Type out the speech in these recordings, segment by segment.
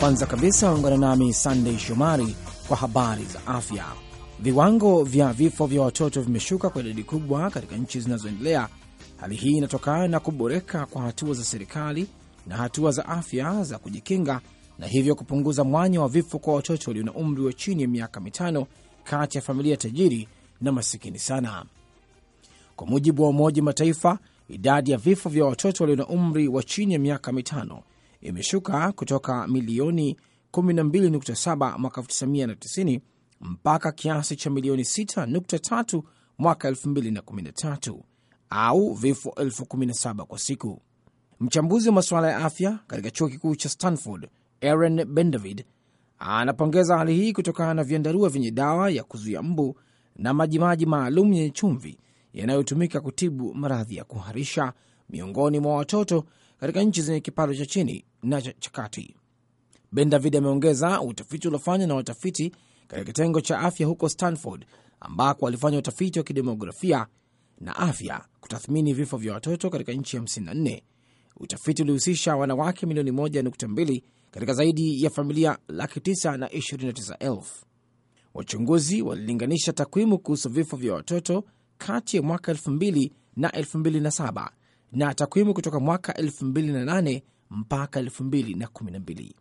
Kwanza kabisa ungana nami Sandey Shomari kwa habari za afya. Viwango vya vifo vya watoto vimeshuka kwa idadi kubwa katika nchi zinazoendelea. Hali hii inatokana na kuboreka kwa hatua za serikali na hatua za afya za kujikinga na hivyo kupunguza mwanya wa vifo kwa watoto walio na umri wa chini ya miaka mitano kati ya familia tajiri na masikini sana. Kwa mujibu wa Umoja Mataifa, idadi ya vifo vya watoto walio na umri wa chini ya miaka mitano imeshuka kutoka milioni 12.7 mwaka 1990 mpaka kiasi cha milioni 6.3 mwaka 2013 au vifo 17 kwa siku. Mchambuzi wa masuala ya afya katika chuo kikuu cha Stanford Aaron Bendavid anapongeza hali hii kutokana na vyandarua vyenye dawa ya kuzuia mbu na majimaji maalum yenye chumvi yanayotumika kutibu maradhi ya kuharisha miongoni mwa watoto katika nchi zenye kipato cha chini na cha kati. Ben David ameongeza utafiti uliofanywa na watafiti katika kitengo cha afya huko Stanford, ambako walifanya utafiti wa kidemografia na afya kutathmini vifo vya watoto katika nchi 54. Utafiti ulihusisha wanawake milioni 1.2 katika zaidi ya familia laki 9 na 29,000. Wachunguzi walilinganisha takwimu kuhusu vifo vya watoto kati ya mwaka 2000 na 2007 na takwimu kutoka mwaka 2008 mpaka 2012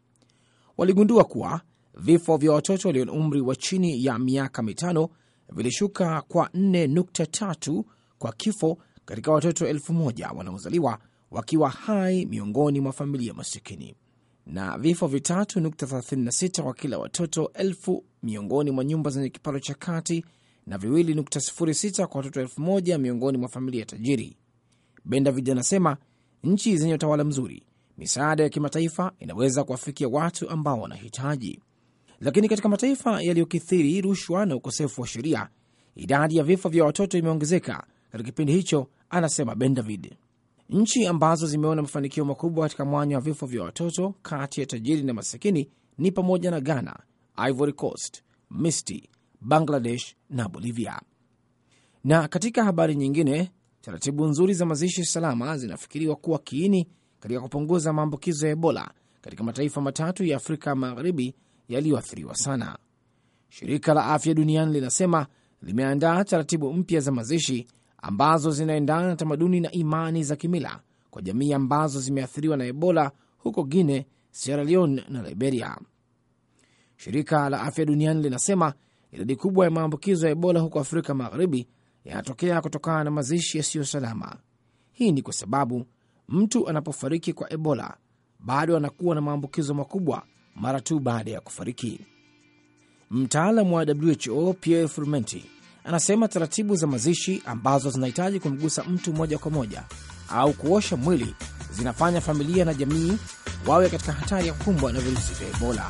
waligundua kuwa vifo vya watoto walio na umri wa chini ya miaka mitano vilishuka kwa 4.3 kwa kifo katika watoto elfu moja wanaozaliwa wakiwa hai miongoni mwa familia masikini na vifo vitatu nukta 36 kwa kila watoto elfu miongoni mwa nyumba zenye kipato cha kati na viwili nukta 06 kwa watoto elfu moja miongoni mwa familia tajiri. Ben anasema nchi zenye utawala mzuri, misaada ya kimataifa inaweza kuwafikia watu ambao wanahitaji, lakini katika mataifa yaliyokithiri rushwa na ukosefu wa sheria, idadi ya vifo vya watoto imeongezeka katika kipindi hicho, anasema Ben David. Nchi ambazo zimeona mafanikio makubwa katika mwanya wa vifo vya watoto kati ya tajiri na masikini ni pamoja na Ghana, Ivory Coast, Misri, Bangladesh na Bolivia. Na katika habari nyingine, Taratibu nzuri za mazishi salama zinafikiriwa kuwa kiini katika kupunguza maambukizo ya Ebola katika mataifa matatu ya Afrika Magharibi yaliyoathiriwa sana. Shirika la Afya Duniani linasema limeandaa taratibu mpya za mazishi ambazo zinaendana na tamaduni na imani za kimila kwa jamii ambazo zimeathiriwa na Ebola huko Guine, Sierra Leone na Liberia. Shirika la Afya Duniani linasema idadi kubwa ya maambukizo ya Ebola huko Afrika Magharibi yanatokea kutokana na mazishi yasiyo salama. Hii ni kwa sababu mtu anapofariki kwa Ebola bado anakuwa na maambukizo makubwa mara tu baada ya kufariki. Mtaalamu wa WHO Pierre Frumenti anasema taratibu za mazishi ambazo zinahitaji kumgusa mtu moja kwa moja au kuosha mwili zinafanya familia na jamii wawe katika hatari ya kukumbwa na virusi vya Ebola.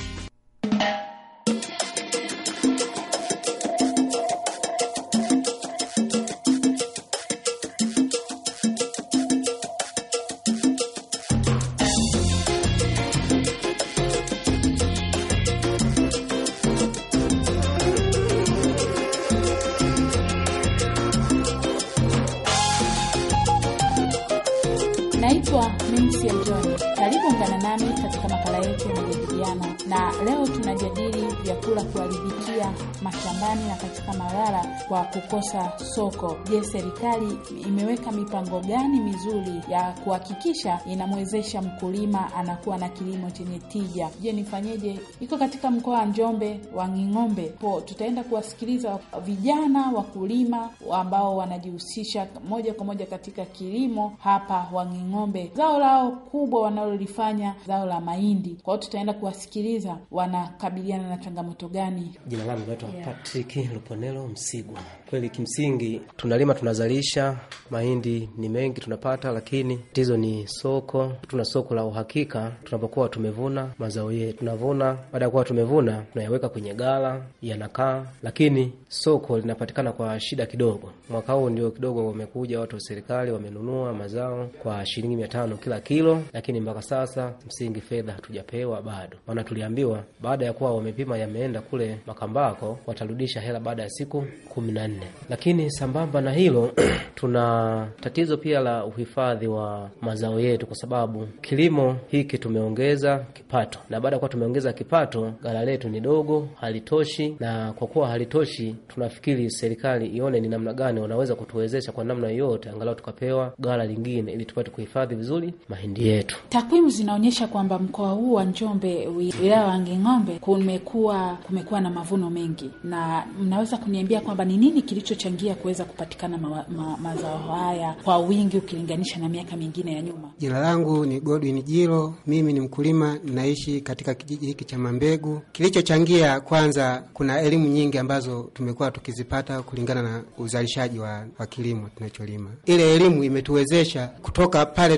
sana katika madhara kwa kukosa soko. Je, serikali imeweka mipango gani mizuri ya kuhakikisha inamwezesha mkulima anakuwa na kilimo chenye tija? Je, nifanyeje? Iko katika mkoa wa Njombe wa Nging'ombe po, tutaenda kuwasikiliza vijana wakulima ambao wanajihusisha moja kwa moja katika kilimo hapa Wanging'ombe. Zao lao kubwa wanalolifanya zao la mahindi, kwao, tutaenda kuwasikiliza wanakabiliana na changamoto gani. Jina langu naitwa yeah, Patrick Luponelo Msigwa. Kweli kimsingi, tunalima tunazalisha, mahindi ni mengi tunapata, lakini tatizo ni soko. Tuna soko la uhakika tunapokuwa tumevuna mazao yetu, tunavuna. Baada ya kuwa tumevuna, tunayaweka kwenye gala yanakaa, lakini soko linapatikana kwa shida kidogo. Mwaka huu ndio kidogo wamekuja watu wa serikali wamenunua mazao kwa shilingi mia tano kila kilo, lakini mpaka sasa msingi fedha hatujapewa bado, maana tuliambiwa baada ya kuwa wamepima yameenda kule Makambako watarudisha hela baada ya siku kumi na nne. Lakini sambamba na hilo tuna tatizo pia la uhifadhi wa mazao yetu, kwa sababu kilimo hiki tumeongeza kipato, na baada ya kuwa tumeongeza kipato, ghala letu ni dogo, halitoshi, na kwa kuwa halitoshi tunafikiri serikali ione ni namna gani wanaweza kutuwezesha kwa namna yoyote, angalau tukapewa gara lingine ili tupate kuhifadhi vizuri mahindi yetu. Takwimu zinaonyesha kwamba mkoa huu wa Njombe, wilaya wa Nging'ombe, kumekuwa kumekuwa na mavuno mengi, na mnaweza kuniambia kwamba ni nini kilichochangia kuweza kupatikana ma, ma, mazao haya kwa wingi ukilinganisha na miaka mingine ya nyuma? Jina langu ni Godwin Jiro, mimi ni mkulima, naishi katika kijiji hiki cha Mambegu. Kilichochangia kwanza, kuna elimu nyingi ambazo tume tumekuwa tukizipata kulingana na uzalishaji wa, wa kilimo tunacholima. Ile elimu imetuwezesha kutoka pale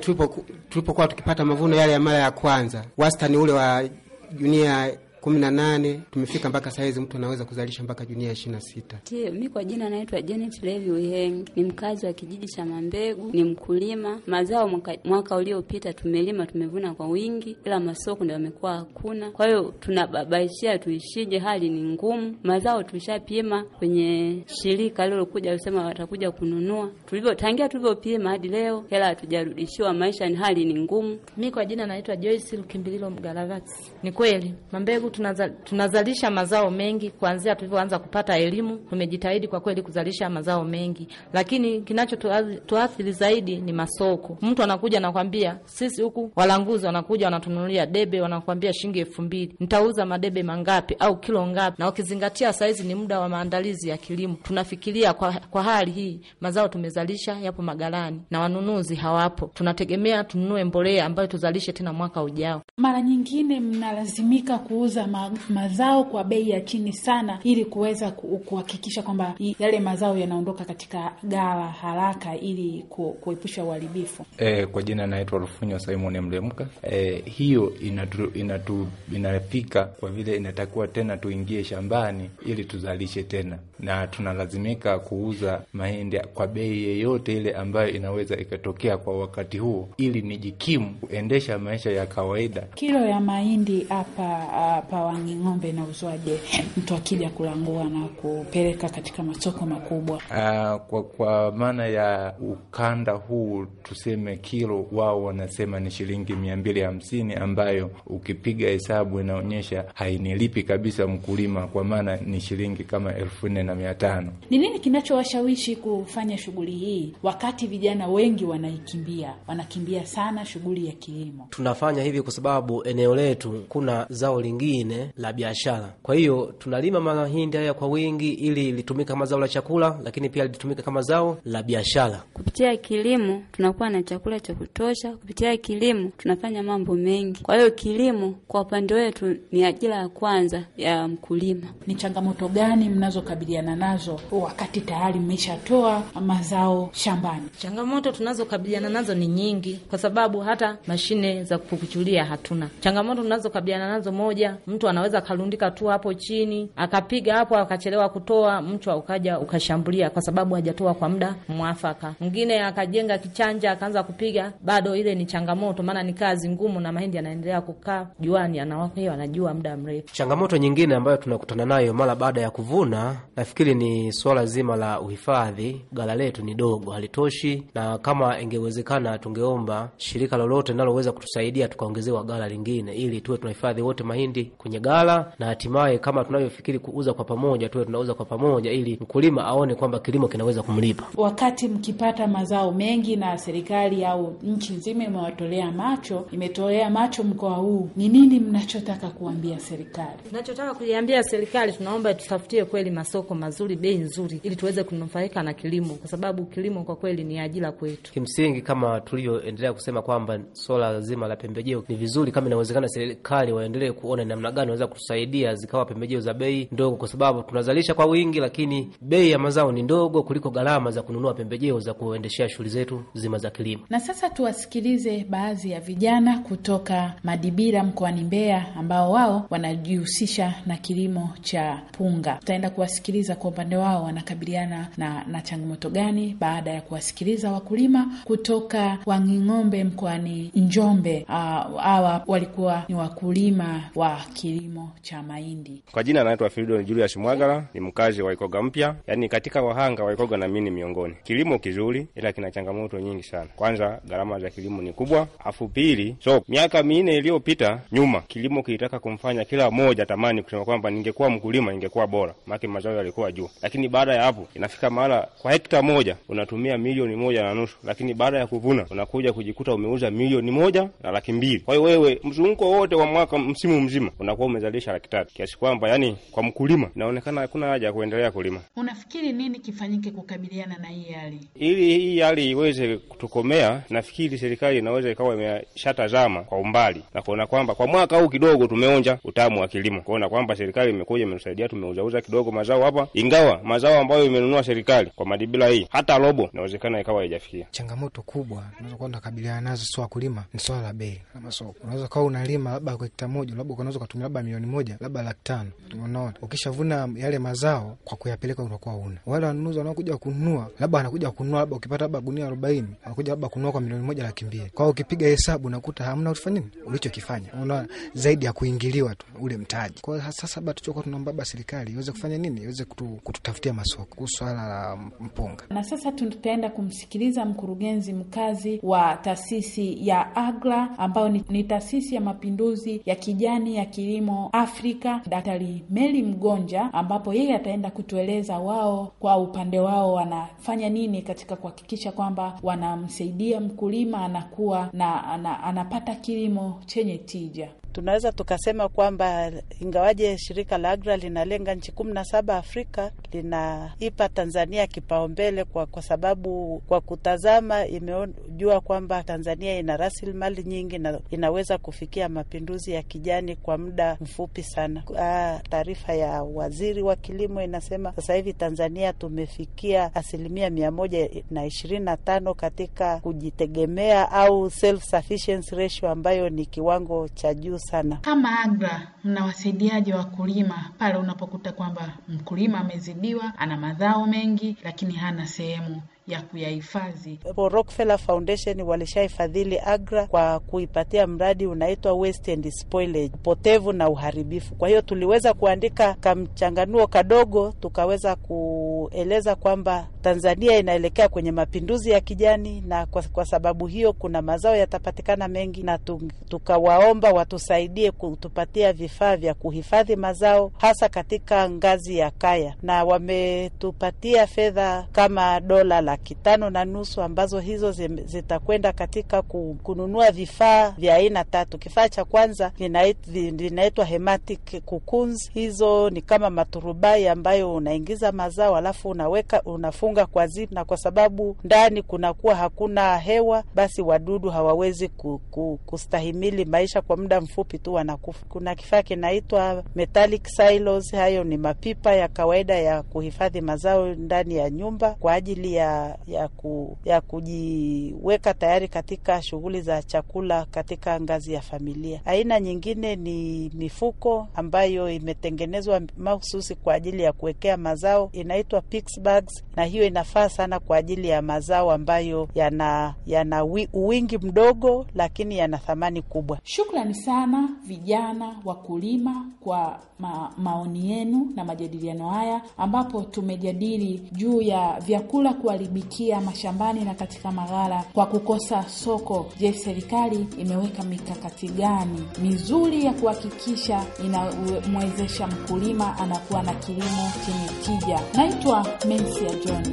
tulipokuwa tukipata mavuno yale ya mara ya kwanza, wastani ule wa junia kumi na nane tumefika mpaka sahizi, mtu anaweza kuzalisha mpaka junia ya ishirini na sita. Mi kwa jina naitwa Janet Levi Uheng, ni mkazi wa kijiji cha Mambegu, ni mkulima mazao. Mwaka, mwaka uliopita tumelima tumevuna kwa wingi, ila masoko ndio yamekuwa hakuna. Kwa hiyo tunababaishia tuishije, hali ni ngumu. Mazao tulishapima kwenye shirika lilokuja kusema watakuja kununua, tulivyotangia tulivyopima hadi leo hela hatujarudishiwa. Maisha ni hali ni ngumu. Mi kwa jina naitwa Joyce Lukimbililo Mgaravati. Ni kweli Mambegu tunazal, tunazalisha mazao mengi kuanzia tulivyoanza kupata elimu. Tumejitahidi kwa kweli kuzalisha mazao mengi, lakini kinachotuathiri zaidi ni masoko. Mtu anakuja anakwambia, sisi huku walanguzi wanakuja wanatununulia debe, wanakwambia shilingi elfu mbili, nitauza madebe mangapi au kilo ngapi? Na ukizingatia saizi ni muda wa maandalizi ya kilimo, tunafikiria kwa, kwa hali hii mazao tumezalisha yapo magalani na wanunuzi hawapo, tunategemea tununue mbolea ambayo tuzalishe tena mwaka ujao. Mara nyingine mnalazimika kuuza kuuza ma, mazao kwa bei ya chini sana, ili kuweza kuhakikisha kwamba yale mazao yanaondoka katika gala haraka, ili kuepusha uharibifu. E, kwa jina naitwa Rufunywa Simon Mlemka. E, hiyo inatu, inatu, inafika kwa vile inatakiwa tena tuingie shambani ili tuzalishe tena, na tunalazimika kuuza mahindi kwa bei yeyote ile ambayo inaweza ikatokea kwa wakati huo, ili nijikimu kuendesha maisha ya kawaida. Kilo ya mahindi hapa hapa na inauzwaje, mtu akija kulangua na kupeleka katika masoko makubwa? Uh, kwa, kwa maana ya ukanda huu tuseme kilo wao wanasema ni shilingi mia mbili hamsini ambayo ukipiga hesabu inaonyesha hainilipi kabisa mkulima, kwa maana ni shilingi kama elfu nne na mia tano. Ni nini kinachowashawishi kufanya shughuli hii wakati vijana wengi wanaikimbia, wanakimbia sana shughuli ya kilimo? Tunafanya hivi kwa sababu eneo letu kuna zao lingine lingine la biashara. Kwa hiyo tunalima mahindi haya kwa wingi ili litumike kama zao la chakula, lakini pia litumike kama zao la biashara. Kupitia kilimo tunakuwa na chakula cha kutosha, kupitia kilimo tunafanya mambo mengi. Kwa hiyo kilimo kwa upande wetu ni ajira ya kwanza ya mkulima. Ni changamoto gani mnazokabiliana nazo wakati tayari mmeshatoa mazao shambani? Changamoto tunazokabiliana nazo ni nyingi, kwa sababu hata mashine za kupukuchulia hatuna. Changamoto tunazokabiliana nazo, moja mtu anaweza akarundika tu hapo chini, akapiga hapo, akachelewa kutoa, mchwa ukaja ukashambulia, kwa sababu hajatoa kwa muda mwafaka. Mwingine akajenga kichanja, akaanza kupiga, bado ile ni changamoto, maana ni kazi ngumu, na mahindi yanaendelea kukaa juani, anajua muda mrefu. Changamoto nyingine ambayo tunakutana nayo mara baada ya kuvuna, nafikiri ni swala zima la uhifadhi. Gala letu ni dogo, halitoshi, na kama ingewezekana tungeomba shirika lolote linaloweza kutusaidia tukaongezewa gala lingine, ili tuwe tunahifadhi wote mahindi kwenye gala, na hatimaye kama tunavyofikiri kuuza kwa pamoja, tuwe tunauza kwa pamoja, ili mkulima aone kwamba kilimo kinaweza kumlipa. Wakati mkipata mazao mengi na serikali au nchi nzima imewatolea macho, imetolea macho mkoa huu, ni nini mnachotaka kuambia serikali? Tunachotaka kuiambia serikali, tunaomba tutafutie kweli masoko mazuri, bei nzuri, ili tuweze kunufaika na kilimo, kwa sababu kilimo kwa kweli ni ajira kwetu. Kimsingi, kama tulivyoendelea kusema kwamba swala zima la pembejeo ni vizuri, kama inawezekana serikali waendelee kuona namna namna gani unaweza kutusaidia zikawa pembejeo za bei ndogo, kwa sababu tunazalisha kwa wingi, lakini bei ya mazao ni ndogo kuliko gharama za kununua pembejeo za kuendeshea shughuli zetu zima za kilimo. Na sasa tuwasikilize baadhi ya vijana kutoka Madibira mkoani Mbeya ambao wao wanajihusisha na kilimo cha punga. Tutaenda kuwasikiliza kwa upande wao wanakabiliana na, na changamoto gani baada ya kuwasikiliza wakulima kutoka Wanging'ombe mkoani Njombe. Ah, hawa walikuwa ni wakulima wa kilimo cha mahindi. Kwa jina anaitwa Fridon Julius Mwagala, ni mkazi wa Ikoga mpya, yaani katika wahanga wa Ikoga na mini miongoni. Kilimo kizuri, ila kina changamoto nyingi sana. Kwanza, gharama za kilimo ni kubwa, afu pili, so miaka minne iliyopita nyuma, kilimo kilitaka kumfanya kila mmoja tamani kusema kwamba ningekuwa mkulima ingekuwa bora, make mazao yalikuwa juu. Lakini baada ya hapo, inafika mahala kwa hekta moja unatumia milioni moja na nusu, lakini baada ya kuvuna unakuja kujikuta umeuza milioni moja na laki mbili. Kwa hiyo wewe mzunguko wote wa mwaka msimu mzima unakuwa umezalisha laki tatu, kiasi kwamba yani kwa mkulima inaonekana hakuna haja ya kuendelea kulima. Unafikiri nini kifanyike kukabiliana na hii hali, ili hii hali iweze kutokomea? Nafikiri serikali inaweza ikawa imeshatazama kwa umbali na kuona kwamba kwa mwaka huu kidogo tumeonja utamu wa kilimo, kuona kwamba serikali imekuja imetusaidia, tumeuzauza kidogo mazao hapa, ingawa mazao ambayo imenunua serikali kwa madibila hii hata robo inawezekana ikawa haijafikia. Changamoto kubwa unazokuwa unakabiliana nazo si wakulima, ni swala la bei na masoko. Unaweza ukawa unalima labda kwa hekta moja, labda unaweza unatumia labda milioni moja labda laki tano unaona, ukishavuna yale mazao kwa kuyapeleka utakuwa una wale wanunuzi wanaokuja kununua, labda wanakuja kununua labda ukipata labda gunia arobaini wanakuja labda kununua kwa milioni moja laki mbili kwao, ukipiga hesabu unakuta hamna utufanya nini ulichokifanya, unaona zaidi ya kuingiliwa tu ule mtaji kwao. Sasa labda tuchokuwa labda serikali iweze kufanya nini, iweze kutu, kututafutia masoko kuhusu swala la mpunga. Na sasa tutaenda kumsikiliza mkurugenzi mkazi wa taasisi ya AGRA ambayo ni, ni taasisi ya mapinduzi ya kijani ya ki kilimo Afrika, Daktari Meli Mgonja, ambapo yeye ataenda kutueleza wao kwa upande wao wanafanya nini katika kuhakikisha kwamba wanamsaidia mkulima anakuwa na, anapata kilimo chenye tija tunaweza tukasema kwamba ingawaje shirika la AGRA linalenga nchi kumi na saba Afrika, linaipa Tanzania kipaumbele kwa, kwa sababu kwa kutazama imejua kwamba Tanzania ina rasilimali nyingi na inaweza kufikia mapinduzi ya kijani kwa muda mfupi sana. Ah, taarifa ya waziri wa kilimo inasema sasa hivi Tanzania tumefikia asilimia mia moja na ishirini na tano katika kujitegemea au self sufficiency ratio ambayo ni kiwango cha juu sana. Kama AGRA mnawasaidiaje wakulima pale unapokuta kwamba mkulima amezidiwa, ana madhao mengi, lakini hana sehemu ya kuyahifadhi. Rockefeller Foundation walishahifadhili AGRA kwa kuipatia mradi unaitwa waste and spoilage, upotevu na uharibifu. Kwa hiyo tuliweza kuandika kamchanganuo kadogo, tukaweza kueleza kwamba Tanzania inaelekea kwenye mapinduzi ya kijani, na kwa, kwa sababu hiyo kuna mazao yatapatikana mengi, na tukawaomba watusaidie kutupatia vifaa vya kuhifadhi mazao hasa katika ngazi ya kaya, na wametupatia fedha kama dola laki tano na nusu ambazo hizo zitakwenda katika kununua vifaa vya aina tatu. Kifaa cha kwanza vinaitwa hematic cocoons, hizo ni kama maturubai ambayo unaingiza mazao alafu unaweka unafunga kufunga kwa zip, na kwa sababu ndani kunakuwa hakuna hewa, basi wadudu hawawezi ku, ku, kustahimili maisha kwa muda mfupi tu wanakufa. Kuna kifaa kinaitwa metallic silos, hayo ni mapipa ya kawaida ya kuhifadhi mazao ndani ya nyumba kwa ajili ya, ya, ku, ya kujiweka tayari katika shughuli za chakula katika ngazi ya familia. Aina nyingine ni mifuko ambayo imetengenezwa mahususi kwa ajili ya kuwekea mazao inaitwa pix bags, na hiyo hiyo inafaa sana kwa ajili ya mazao ambayo yana yana wingi mdogo, lakini yana thamani kubwa. Shukrani sana vijana wakulima kwa ma, maoni yenu na majadiliano haya ambapo tumejadili juu ya vyakula kuharibikia mashambani na katika maghala kwa kukosa soko. Je, serikali imeweka mikakati gani mizuri ya kuhakikisha inamwezesha mkulima anakuwa na kilimo chenye tija? Naitwa Mensia John.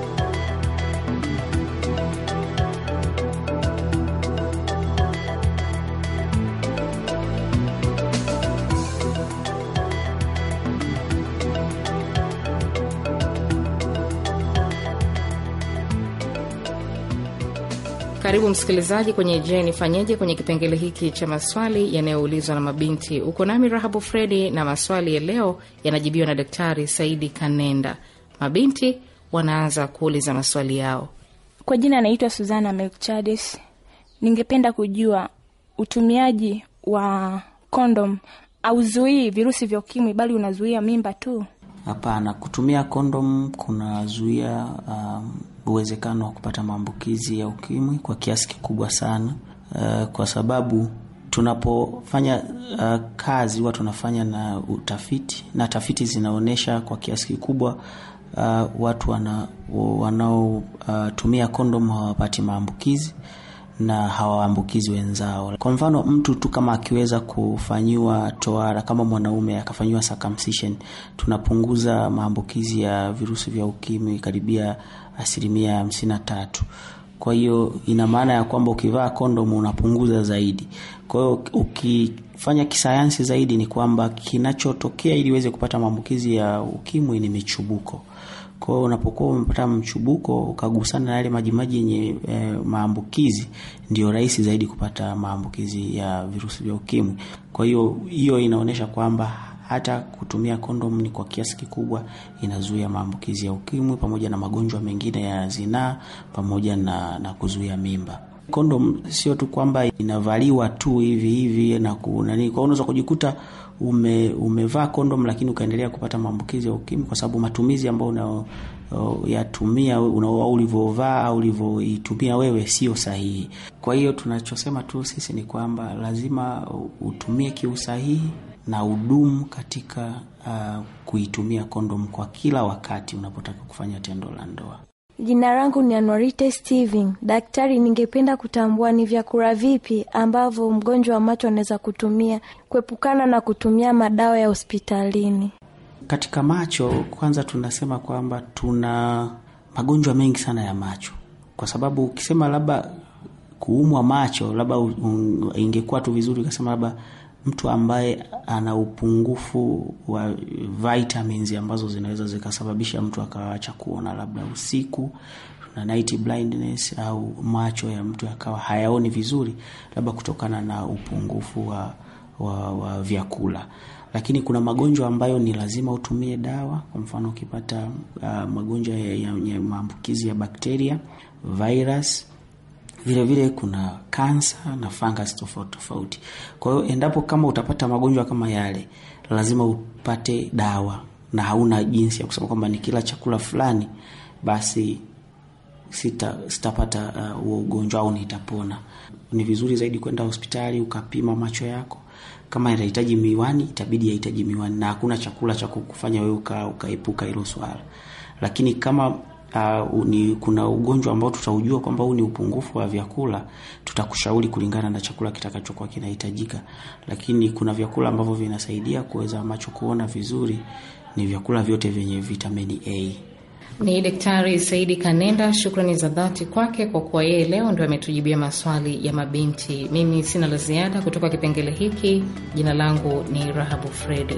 Karibu msikilizaji kwenye Je, nifanyeje, kwenye kipengele hiki cha maswali yanayoulizwa na mabinti. Uko nami Rahabu Fredi, na maswali ya leo yanajibiwa na Daktari Saidi Kanenda. Mabinti wanaanza kuuliza maswali yao. Kwa jina anaitwa Suzana Melchades. Ningependa kujua utumiaji wa kondom auzuii virusi vya ukimwi, bali unazuia mimba tu? Hapana, kutumia kondom kunazuia um, uwezekano wa kupata maambukizi ya ukimwi kwa kiasi kikubwa sana, uh, kwa sababu tunapofanya uh, kazi huwa tunafanya na utafiti na tafiti zinaonyesha kwa kiasi kikubwa uh, watu wanaotumia uh, ondom hawapati maambukizi na hawaambukizi wenzao. Kwa mfano, mtu tu kama akiweza kufanyiwa toara kama mwanaume akafanyiwa circumcision, tunapunguza maambukizi ya virusi vya ukimwi karibia asilimia tatu. Kwa hiyo ina maana ya kwamba ukivaa kondomu unapunguza zaidi. Kwa hiyo ukifanya kisayansi zaidi, ni kwamba kinachotokea ili uweze kupata maambukizi ya ukimwi ni michubuko. Kwa hiyo unapokuwa umepata mchubuko ukagusana na yale majimaji yenye e, maambukizi, ndio rahisi zaidi kupata maambukizi ya virusi vya ukimwi. Kwa hiyo hiyo inaonyesha kwamba hata kutumia kondomu ni kwa kiasi kikubwa inazuia maambukizi ya ukimwi pamoja na magonjwa mengine ya zinaa pamoja na, na kuzuia mimba. Kondom sio tu kwamba inavaliwa tu hivi hivi na kunani, kwa unaweza kujikuta ume, umevaa kondom lakini ukaendelea kupata maambukizi ya ukimwi kwa sababu matumizi ambayo una yatumia au ulivyovaa au ulivyoitumia wewe sio sahihi. Kwa hiyo tunachosema tu sisi ni kwamba lazima utumie kiusahihi na udumu katika uh, kuitumia kondomu kwa kila wakati unapotaka kufanya tendo la ndoa. Jina langu ni Anwarite Steven. Daktari, ningependa kutambua ni vyakula vipi ambavyo mgonjwa wa macho anaweza kutumia kuepukana na kutumia madawa ya hospitalini? Katika macho, kwanza tunasema kwamba tuna magonjwa mengi sana ya macho, kwa sababu ukisema labda kuumwa macho, labda ingekuwa tu vizuri ukasema labda mtu ambaye ana upungufu wa vitamins ambazo zinaweza zikasababisha mtu akawacha kuona labda usiku na night blindness au macho ya mtu akawa hayaoni vizuri, labda kutokana na upungufu wa, wa, wa vyakula. Lakini kuna magonjwa ambayo ni lazima utumie dawa. Kwa mfano ukipata uh, magonjwa ya, ya, ya maambukizi ya bakteria, virus Vilevile kuna kansa na fungus tofauti tofauti. Kwa hiyo endapo kama utapata magonjwa kama yale, lazima upate dawa, na hauna jinsi ya kusema kwamba ni kila chakula fulani basi sita sitapata uh, huo uh, ugonjwa au nitapona. Ni vizuri zaidi kwenda hospitali ukapima macho yako. Kama inahitaji miwani, itabidi yahitaji miwani, na hakuna chakula cha kukufanya wewe ukaepuka hilo swala, lakini kama uh, ni kuna ugonjwa ambao tutaujua kwamba huu ni upungufu wa vyakula, tutakushauri kulingana na chakula kitakachokuwa kinahitajika. Lakini kuna vyakula ambavyo vinasaidia kuweza macho kuona vizuri, ni vyakula vyote vyenye vitamini A. Ni Daktari Saidi Kanenda, shukrani za dhati kwake kwa kuwa yeye leo ndio ametujibia maswali ya mabinti. Mimi sina la ziada kutoka kipengele hiki. Jina langu ni Rahabu Fredi.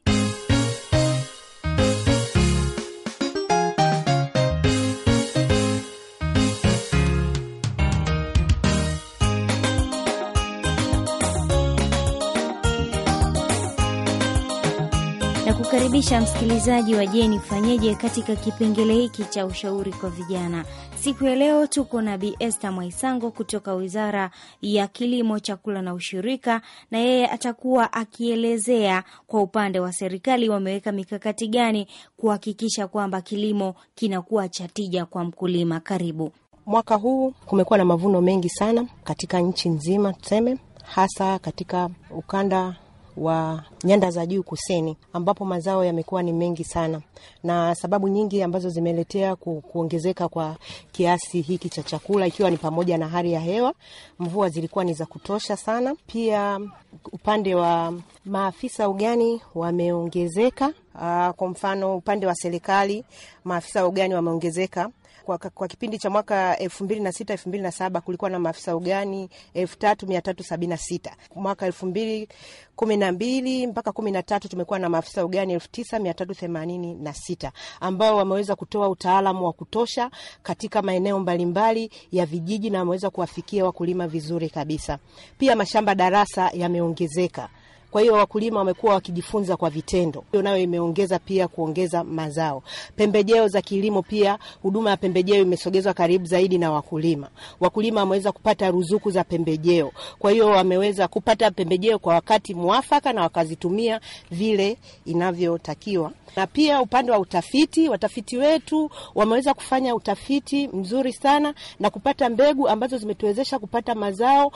Nakukaribisha msikilizaji wa Jeni Fanyeje katika kipengele hiki cha ushauri kwa vijana. Siku ya leo tuko na Bi Esther Mwaisango kutoka Wizara ya Kilimo, Chakula na Ushirika, na yeye atakuwa akielezea kwa upande wa serikali wameweka mikakati gani kuhakikisha kwamba kilimo kinakuwa cha tija kwa mkulima. Karibu. Mwaka huu kumekuwa na mavuno mengi sana katika nchi nzima, tuseme hasa katika ukanda wa nyanda za juu kusini, ambapo mazao yamekuwa ni mengi sana, na sababu nyingi ambazo zimeletea ku, kuongezeka kwa kiasi hiki cha chakula, ikiwa ni pamoja na hali ya hewa. Mvua zilikuwa ni za kutosha sana. Pia upande wa maafisa ugani wameongezeka. Kwa mfano upande wa serikali maafisa wa ugani wameongezeka kwa, kwa kipindi cha mwaka na saba kulikuwa na maafisa ugani sita Mwaka mbili mpaka tatu tumekuwa na maafisa ugani sita ambao wameweza kutoa utaalamu wa kutosha katika maeneo mbalimbali ya vijiji na wameweza kuwafikia wakulima vizuri kabisa. Pia mashamba darasa yameongezeka. Kwa hiyo wakulima wamekuwa wakijifunza kwa vitendo, hiyo nayo imeongeza pia kuongeza mazao. Pembejeo za kilimo pia, huduma ya pembejeo imesogezwa karibu zaidi na wakulima. Wakulima wameweza kupata ruzuku za pembejeo, kwa hiyo wameweza kupata pembejeo kwa wakati mwafaka na wakazitumia vile inavyotakiwa. Na pia upande wa utafiti, watafiti wetu wameweza kufanya utafiti mzuri sana na kupata mbegu ambazo zimetuwezesha kupata mazao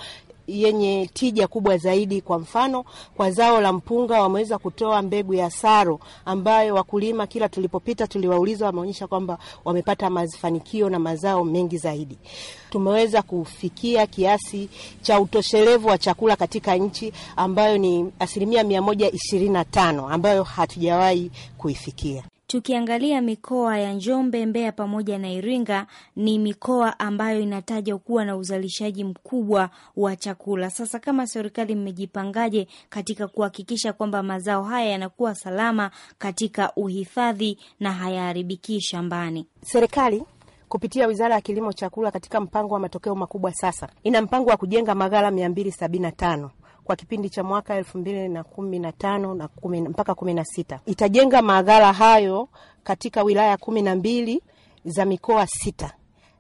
yenye tija kubwa zaidi. Kwa mfano, kwa zao la mpunga wameweza kutoa mbegu ya Saro ambayo wakulima kila tulipopita tuliwauliza, wameonyesha kwamba wamepata mafanikio na mazao mengi zaidi. Tumeweza kufikia kiasi cha utoshelevu wa chakula katika nchi ambayo ni asilimia mia moja ishirini na tano ambayo hatujawahi kuifikia. Tukiangalia mikoa ya Njombe, Mbeya pamoja na Iringa ni mikoa ambayo inatajwa kuwa na uzalishaji mkubwa wa chakula. Sasa kama serikali, mmejipangaje katika kuhakikisha kwamba mazao haya yanakuwa salama katika uhifadhi na hayaharibikii shambani? Serikali kupitia Wizara ya Kilimo, Chakula katika mpango wa matokeo makubwa sasa ina mpango wa kujenga maghala mia mbili sabini na tano kwa kipindi cha mwaka elfu mbili na kumi na tano na mpaka kumi na sita. Itajenga maghala hayo katika wilaya kumi na mbili za mikoa sita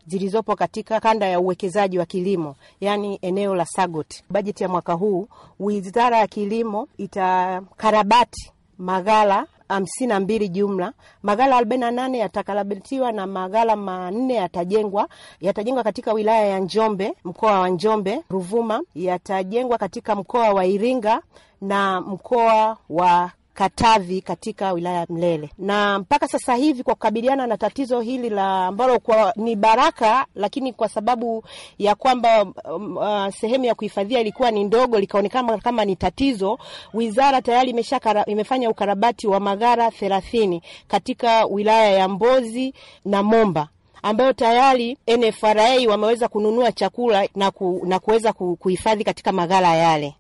zilizopo katika kanda ya uwekezaji wa kilimo yaani eneo la SAGOT. Bajeti ya mwaka huu wizara ya kilimo itakarabati maghala hamsini na mbili jumla. Maghala arobaini na nane yatakarabatiwa na maghala manne yatajengwa. Yatajengwa katika wilaya ya Njombe, mkoa wa Njombe, Ruvuma, yatajengwa katika mkoa wa Iringa na mkoa wa Katavi katika wilaya ya Mlele, na mpaka sasa hivi kwa kukabiliana na tatizo hili la ambalo kwa ni baraka, lakini kwa sababu ya kwamba um, uh, sehemu ya kuhifadhia ilikuwa ni ndogo, likaonekana kama ni tatizo, wizara tayari imesha imefanya ukarabati wa maghara thelathini katika wilaya ya Mbozi na Momba ambayo tayari NFRA wameweza kununua chakula na, ku, na kuweza kuhifadhi katika maghala yale,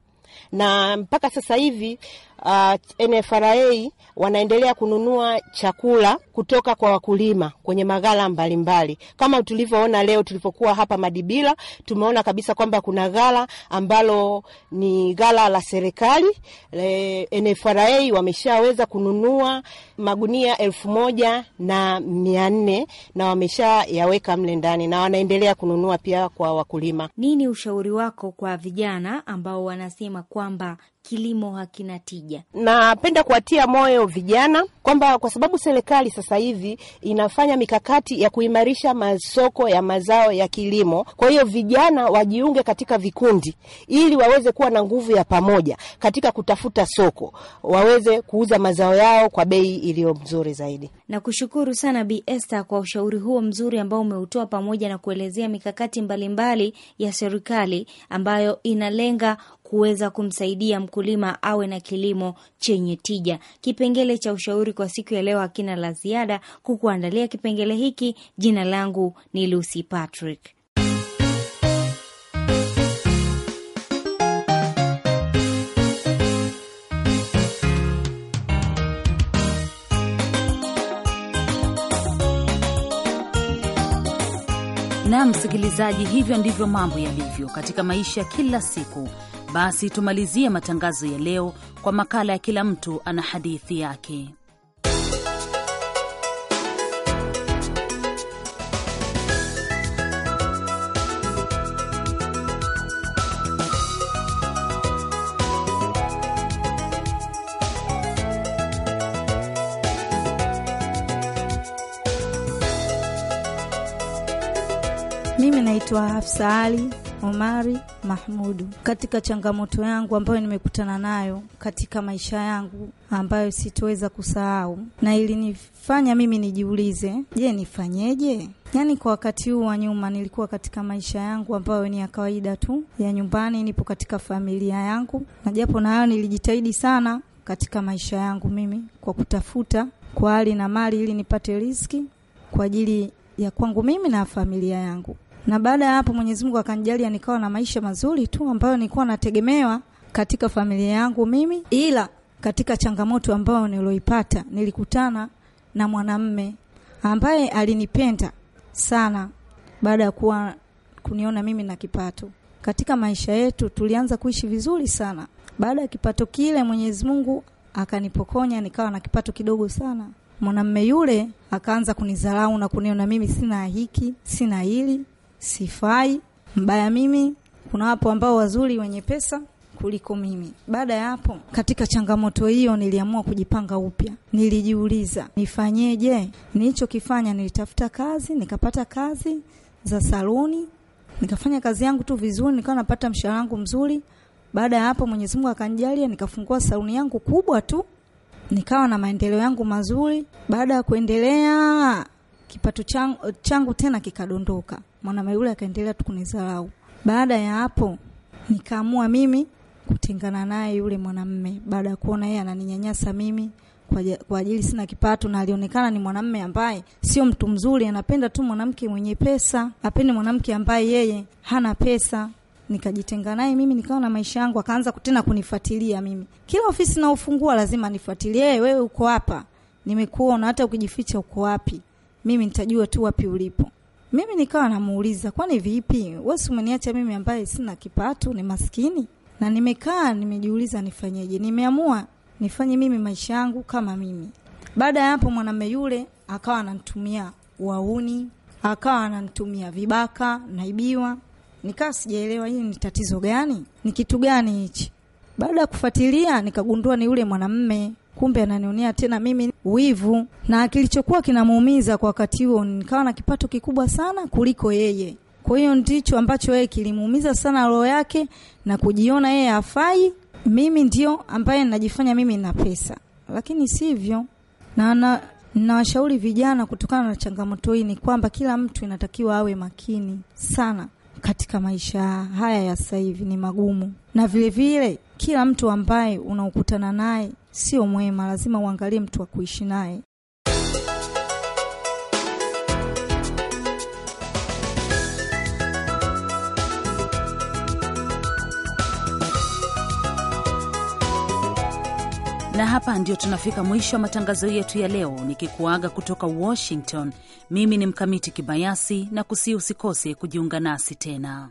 na mpaka sasa hivi uh, NFRA wanaendelea kununua chakula kutoka kwa wakulima kwenye maghala mbalimbali, kama tulivyoona leo tulipokuwa hapa Madibila, tumeona kabisa kwamba kuna ghala ambalo ni ghala la serikali. NFRA wameshaweza kununua magunia elfu moja na mia nne na wamesha yaweka mle ndani na wanaendelea kununua pia kwa wakulima. Nini ushauri wako kwa vijana ambao wanasema kwamba kilimo hakina tija. Napenda kuwatia moyo vijana kwamba kwa sababu serikali sasa hivi inafanya mikakati ya kuimarisha masoko ya mazao ya kilimo, kwa hiyo vijana wajiunge katika vikundi ili waweze kuwa na nguvu ya pamoja katika kutafuta soko, waweze kuuza mazao yao kwa bei iliyo mzuri zaidi. Na kushukuru sana Bi Esther kwa ushauri huo mzuri ambao umeutoa pamoja na kuelezea mikakati mbalimbali mbali ya serikali ambayo inalenga kuweza kumsaidia mkulima awe na kilimo chenye tija. Kipengele cha ushauri kwa siku ya leo hakina la ziada. Kukuandalia kipengele hiki, jina langu ni Lucy Patrick. Na msikilizaji, hivyo ndivyo mambo yalivyo katika maisha kila siku. Basi tumalizie matangazo ya leo kwa makala ya kila mtu ana hadithi yake. Mimi naitwa Hafsa Ali Omari Mahmudu. Katika changamoto yangu ambayo nimekutana nayo katika maisha yangu ambayo sitoweza kusahau na ilinifanya mimi nijiulize, je, nifanyeje? Yaani, kwa wakati huu wa nyuma nilikuwa katika maisha yangu ambayo ni ya kawaida tu ya nyumbani, nipo katika familia yangu, na japo na hayo nilijitahidi sana katika maisha yangu mimi kwa kutafuta kwa hali na mali ili nipate riziki kwa ajili ya kwangu mimi na familia yangu na baada ya hapo Mwenyezi Mungu akanijalia nikawa na maisha mazuri tu ambayo nilikuwa nategemewa katika familia yangu mimi, ila katika changamoto ambayo niloipata, nilikutana na mwanamme ambaye alinipenda sana baada ya kuwa kuniona mimi na kipato. Katika maisha yetu tulianza kuishi vizuri sana. Baada ya kipato kile, Mwenyezi Mungu akanipokonya nikawa na kipato kidogo sana. Mwanamme yule akaanza kunidharau na kuniona mimi sina hiki, sina hili sifai mbaya mimi. Kuna wapo ambao wazuri wenye pesa kuliko mimi. Baada ya hapo, katika changamoto hiyo, niliamua kujipanga upya. Nilijiuliza nifanyeje? Nilichokifanya, nilitafuta kazi, nikapata kazi za saluni, nikafanya kazi yangu tu vizuri, nikawa napata mshahara wangu mzuri. Baada ya hapo, Mwenyezi Mungu akanijalia, nikafungua saluni yangu kubwa tu, nikawa na maendeleo yangu mazuri. Baada ya kuendelea kipato changu, changu tena kikadondoka. Mwanaume yule akaendelea tu kunizarau. Baada ya hapo nikaamua mimi kutengana naye yule mwanamme, baada ya kuona yeye ananinyanyasa mimi kwa ajili sina kipato, na alionekana ni mwanamme ambaye sio mtu mzuri, anapenda tu mwanamke mwenye pesa, apende mwanamke ambaye yeye hana pesa. Nikajitenga naye mimi, nikawa na maisha yangu. Akaanza tena kunifuatilia mimi, kila ofisi naofungua lazima nifuatilie, eh, wewe uko hapa, nimekuona, hata ukijificha uko wapi? mimi nitajua tu wapi ulipo. Mimi nikawa namuuliza, kwani vipi wewe umeniacha mimi ambaye sina kipato, ni maskini? Na nimekaa nimejiuliza nifanyeje. Nimeamua nifanye mimi maisha yangu kama mimi. Baada ya hapo, mwanamume yule akawa ananitumia wauni, akawa ananitumia vibaka, naibiwa. Nikaa sijaelewa hii ni tatizo gani, ni kitu gani hichi? Baada ya kufuatilia, nikagundua ni yule mwanamume kumbe ananionea tena mimi wivu, na kilichokuwa kinamuumiza kwa wakati huo, nikawa na kipato kikubwa sana kuliko yeye. Kwa hiyo ndicho ambacho yeye kilimuumiza sana roho yake na kujiona yeye hafai, mimi ndio ambaye najifanya mimi na pesa, lakini sivyo. Na, na nawashauri vijana kutokana na changamoto hii ni kwamba kila mtu inatakiwa awe makini sana katika maisha haya ya sasa hivi ni magumu, na vilevile vile, kila mtu ambaye unaokutana naye sio mwema, lazima uangalie mtu wa kuishi naye. na hapa ndio tunafika mwisho wa matangazo yetu ya leo, nikikuaga kutoka Washington. Mimi ni Mkamiti Kibayasi na kusii, usikose kujiunga nasi tena.